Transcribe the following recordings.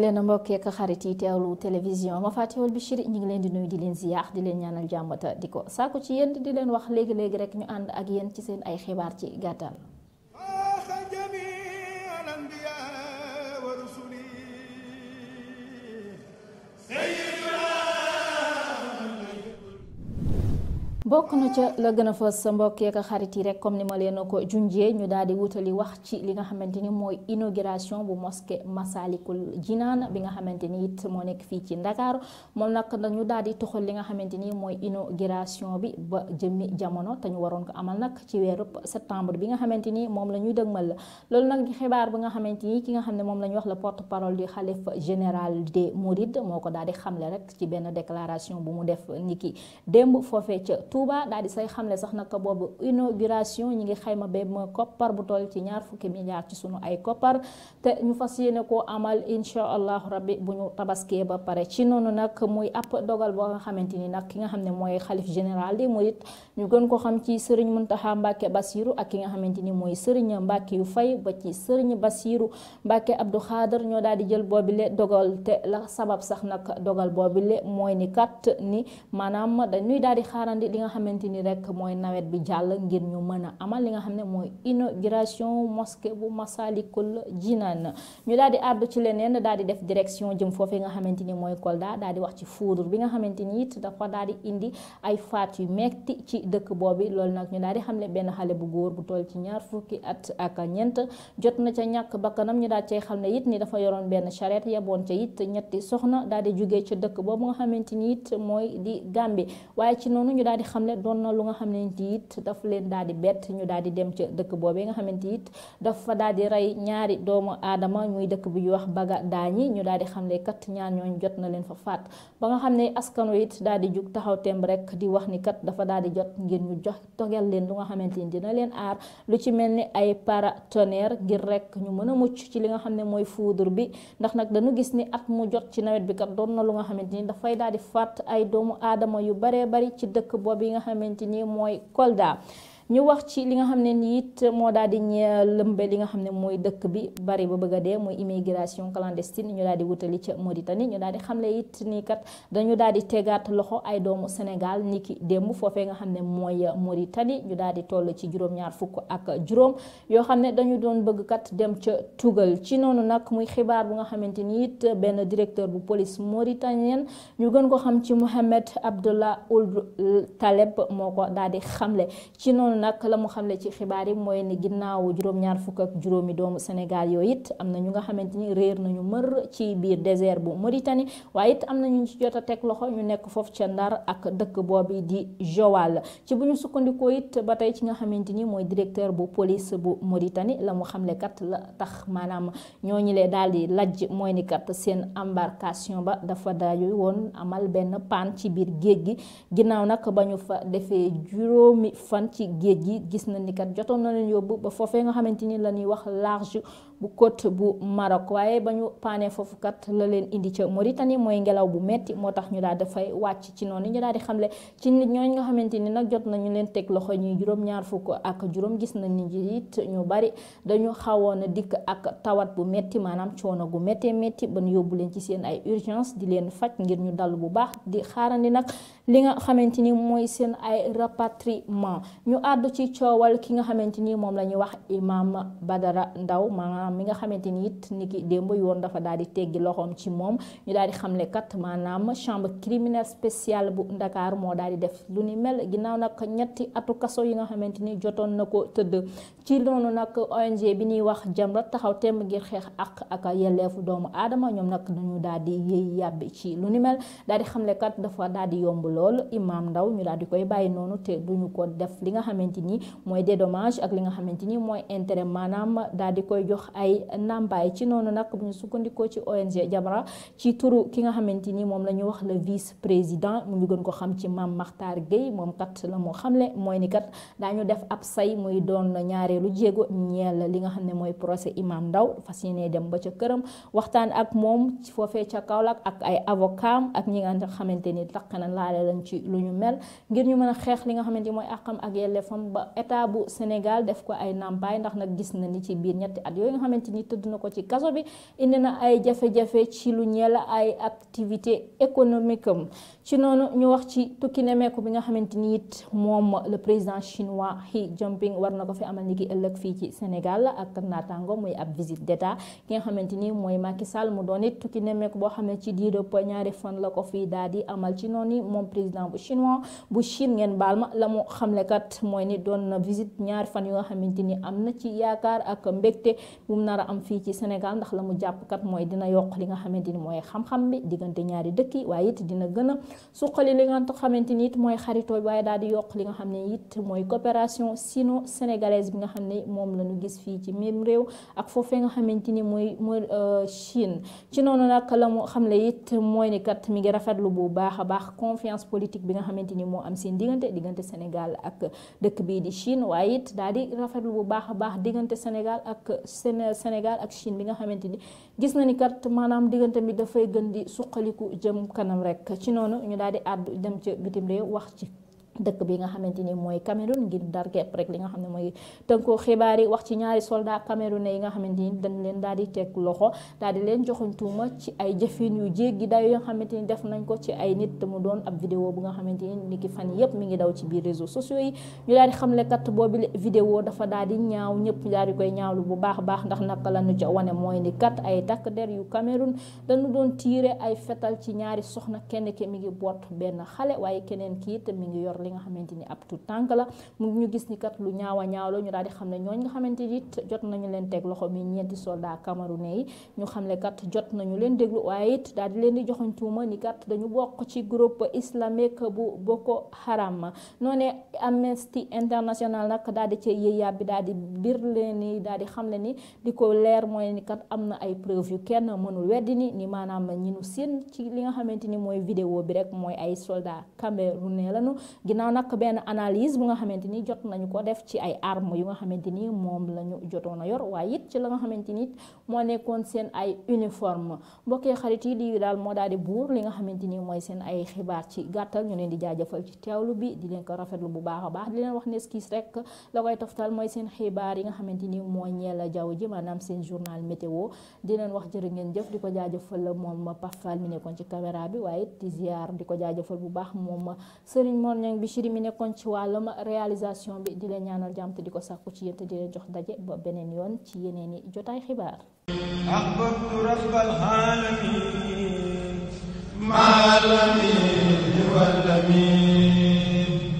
leen mbokk yeek xarit yi teewlu télévision ma bi Bichri ñu ngi leen di nuyu di leen ziyaar di leen ñaanal jàmmata di ko sàkku ci yéen di leen wax léegi-léegi rek ñu ànd ak yéen ci seen ay xibaar ci gàttal bokk na ca la gën a sa mbokk yeeg xarit yi rek comme ni ma leen ko junjee ñu daal di wutali wax ci li nga xamante ni mooy inauguration bu mosquée Massalikul Jinaan bi nga xamante ni it moo nekk fii ci Ndakaaru moom nag dañu daal di toxal li nga xamante ni mooy inauguration bi ba jëmmi jamono te ñu waroon ko amal nag ci weeru septembre bi nga xamante ni moom la ñuy dëgmal la loolu nag xibaar ba nga xamante ni ki nga xam ne moom la ñuy wax la porte parole xale xalif général des Mourides moo ko daal di xamle rek ci benn déclaration bu mu def niki démb foofee ca. Touba daal di say xamle sax naka boobu inauguration ñi ngi xayma ba ma koppar bu toll ci ñaar fukki milliards ci sunu ay koppar te ñu fas yéene koo amal incha allahu rabbi bu ñu tabaskee ba pare ci noonu nag muy app dogal boo nga xamante ni nag ki nga xam ne mooy xalif général di murit ñu gën ko xam ci sëriñ Muntaxa Mbàkke Basiru ak ki nga xamante ni mooy sëriñ Mbàkke yu fay ba ci sëriñ Basiru Mbàkke Abdou Xaadar ñoo daal di jël boobile dogal te la sabab sax nag dogal boobile mooy ni kat ni maanaam dañuy daal di xaarandi nga xamante ni rek mooy nawet bi jàll ngir ñu mën a amal li nga xam ne mooy inauguration mosquée bu Masalikul Jinaan ñu daal di àddu ci leneen daal di def direction jëm foofee nga xamante ni mooy Kolda daal di wax ci foudre bi nga xamante ni it dafa daal di indi ay faat yu metti ci dëkk boobu loolu nag ñu daal di xamle benn xale bu góor bu toll ci ñaar fukki at ak ñeent jot na ca ñàkk bakkanam ñu daal cay xam ne it ni dafa yoroon benn charrette yaboon ca it ñetti soxna daal di jugee ca dëkk boobu nga xamante ni mooy di Gàmbi waaye ci noonu ñu daal di xam ne doon na lu nga xamante it daf leen di bett ñu daal di dem ca dëkk boobee nga xamante it dafa daal di rey ñaari doomu aadama muy dëkk bi ñuy wax Bagadaani ñu daal di xam ne kat ñaar ñooñ jot na leen fa faat ba xam ne askan wi it daal di jug taxaw temb rek di wax ni kat dafa daal di jot ngir ñu jox togal leen lu nga xamante ni dina leen aar lu ci mel ni ay paratonnerre ngir rek ñu mën a mucc ci li nga xam ne mooy foudre bi ndax nag dañu gis ni at mu jot ci nawet bi kat doon na lu nga xamante ni dafay daal faat ay doomu aadama yu baree bari ci dëkk boobu bi nga xamante ni mooy Kolda ñu wax ci li nga xam ne nii it moo daal di lëmbe li nga xam ne mooy dëkk bi bari ba bëgg a dee mooy immigration clandestine ñu daal di wutali ca Mauritanie ñu daal di xamle it nii kat dañu daal di tegaat loxo ay doomu Sénégal niki ki démb foofee nga xam ne mooy Mauritanie ñu daal di toll ci juróom-ñaar fukk ak juróom yoo xam ne dañu doon bëgg kat dem ca tugal ci noonu nag muy xibaar bu nga xamante ni it benn directeur bu police mauritanienne ñu gën ko xam ci Mohamed Abdallah Ould Taleb moo ko daal di xamle loolu nag la mu xamle ci xibaar yi mooy ni ginnaaw juróom-ñaar fukk ak juróomi doomu Sénégal yooyu it am na ñu nga xamante ni réer nañu mër ci biir désert bu Mauritanie waaye it am na ñu ci jot a teg loxo ñu nekk foofu ca Ndar ak dëkk boobu di Joal ci bu ñu sukkandikoo it ba tey ci nga xamante ni mooy directeur bu police bu Mauritanie la mu xamle kat la tax maanaam ñoo ñi lee daal di lajj mooy ni kat seen embarcation ba dafa daaju woon amal benn paan ci biir géej gi géej gi gis na ni kat jotoon na leen yóbbu ba foofee nga xamante ni la ñuy wax large bu côte bu Maroc waaye ba ñu paanee foofukat kat la leen indi ca Mauritanie mooy ngelaw bu metti moo tax ñu daal dafay wàcc ci noonu ñu daal di xamle ci nit ñooñu nga xamante ni nag jot nañu leen teg loxo ñuy juróom-ñaar fukk ak juróom gis nañ ni it ñu bari dañu xawoon a dikk ak tawat bu metti maanaam coono gu mettee métti ba ñu yóbbu leen ci seen ay urgence di leen faj ngir ñu dal bu baax di xaarandi nag li nga xamante ni mooy seen ay rapatriement ñu àddu ci coowal ki nga xamante ni moom la ñuy wax Imam Badara Ndaw maanaam mi nga xamante ni it ni ki démb yoon dafa daal di teggi loxoom ci moom ñu daal di xamle kat maanaam chambre criminelle spéciale bu Dakar moo daal di def lu ni mel ginnaaw nag ñetti atu kaso yi nga xamante ni jotoon na ko tëdd ci noonu nag ONG bi ñuy wax Jamra taxaw temm ngir xeex ak ak yelleefu doomu aadama ñoom nag dañu daal di yëy yàbbi ci lu ni mel daal di xamle kat dafa daal di yomb lool Imam Ndaw ñu daal di koy bàyyi noonu te duñu ko def li nga xamante ni mooy ak li nga xamante ni mooy intérêt maanaam daal di koy jox ay ndàmpaay ci noonu nag bu ñu sukkandikoo ci ONG Jamra ci turu ki nga xamante ni moom la ñu wax le vice président mu ngi gën ko xam ci maam maxtar Gueye moom kat la moo xamle mooy ni daañu def ab say muy doon ñaareelu jéego ñeel li nga xam ne mooy procès Imam Ndao fas yéene dem ba ca këram waxtaan ak moom foofee ca Kaolack ak ay avocat ak ñi nga xamante ni takk na laale lañ ci lu ñu mel ngir ñu mën a xeex li nga xamante ni mooy àqam ak yelleefam ba état bu Sénégal def ko ay ndàmpaay ndax nag gis na ni ci biir ñetti at yooyu xamante ni tëdd na ko ci kaso bi indi na ay jafe-jafe ci lu ñeel ay activité économique am ci noonu ñu wax ci tukki nemeeku bi nga xamante ni it moom le président chinois Xi Jinping war na ko fi amal ni ki ëllëg fii ci Sénégal ak naataango muy ab visite deta ki nga xamante ni mooy Macky Sall mu doon it tukki nemeeku boo xam ne ci diirëpp ñaari fan la ko fii daal di amal ci noonu moom président bu chinois bu Chine ngeen baal ma la mu xamlekat mooy ni doon na visite ñaari fan yu xamante bu mu nar a am fii ci Sénégal ndax la mu jàpp kat mooy dina yokk li nga xamante ni mooy xam-xam bi diggante ñaari dëkk yi waaye it dina li nga xamante ni mooy xaritoo waaye daal di yokk bi nga xam ne moom la ñu gis fii ci même réew ak foofee nga xamante ni mooy mooy euh, Chine ci noonu nag la mu xam ne it mooy ni kat mi ngi rafetlu bu baax a baax confiance politique bi nga xamante ni moo am seen diggante diggante Sénégal ak dëkk bii di Chine waaye it daal di rafetlu bu baax a baax diggante Sénégal ak Sénégal Sénégal ak Chine bi nga xamante ni gis na ni kat maanaam diggante bi dafay gën di suqaliku jëm kanam rek ci noonu ñu daal di àddu dem ci bitim réew wax ci. dëkk bi nga xamante ni mooy Cameroun ngir dar képp rek li nga xam ne mooy tënkoo xibaar yi wax ci ñaari soldat camerounais yi nga xamante ni dañ leen daal di teg loxo daal di leen joxuñ tuuma ci ay jëfin yu jéggi dayo yoo xamante ni def nañ ko ci ay nit mu doon ab vidéo bu nga xamante ni ni ki fan yëpp mi ngi daw ci biir réseaux sociaux yi ñu daal di xamle kat boobu vidéo dafa daal di ñaaw ñëpp daal di koy ñaawlu bu baax baax ndax naka la ñu ca wane mooy ni kat ay takk der yu Cameroun dañu doon tiire ay fetal ci ñaari soxna kenn ki mi ngi boot benn xale waaye keneen kii it mi ngi yor li nga xamante ni ab tout tànk la mu ñu gis ni kat lu ñaaw a ñaaw la ñu daal di xam ne ñooñ nga xamante ni jot nañu leen teg loxo mi ñeenti soldat camerounais yi ñu xam ne kat jot nañu leen déglu waaye it daal di leen di joxoñ tuuma ni kat dañu bokk ci groupe islamique bu Boko Haram noonee Amnesty International di bi daal di ni daal di xam ne ni di ko leer mooy ni am na ay preuve yu kenn mënul weddi ni ni maanaam ñi nu seen ci bi ginnaaw nag benn analyse bu nga xamante ni jot nañu ko def ci ay armes yu nga xamante ni moom la ñu jotoon a yor waaye it ci la nga xamante ni moo nekkoon seen ay uniforme mbokkee xarit yi di daal moo daal di li nga xamante ni mooy seen ay xibaar ci gàttal ñu leen di jaajëfal ci teewlu bi di leen ko rafetlu bu baax a baax di leen wax ne skis rek la koy toftal mooy seen xibaar yi nga xamante ni mooy ñeel jaww ji maanaam seen journal météo di leen wax jërë ngeen jëf di ko jaajëfal moom ma Pafal mi nekkoon ci caméra bi waaye it di di ko jaajëfal bu baax moom Serigne Bichri mi nekkoon ci wàllum réalisation bi di leen ñaanal jàmm di ko sàkku ci yéen te di leen daje ba beneen yoon ci yeneen i jotaay xibaar. ahbabtu rabbal alamin maalamin wal amin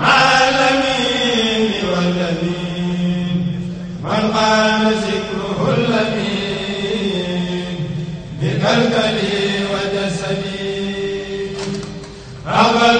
man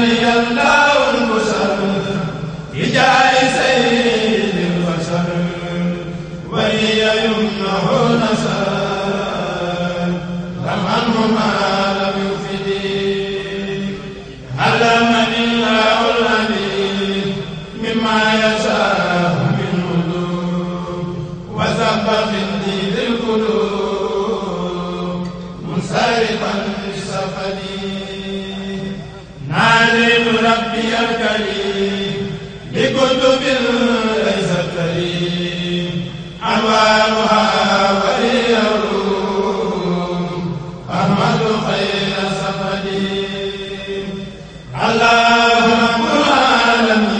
yàlla yàlla woon ko sax الكريم بكتب ليس الكريم أنوارها ولي الروم أحمد خير صفدي الله رب العالمين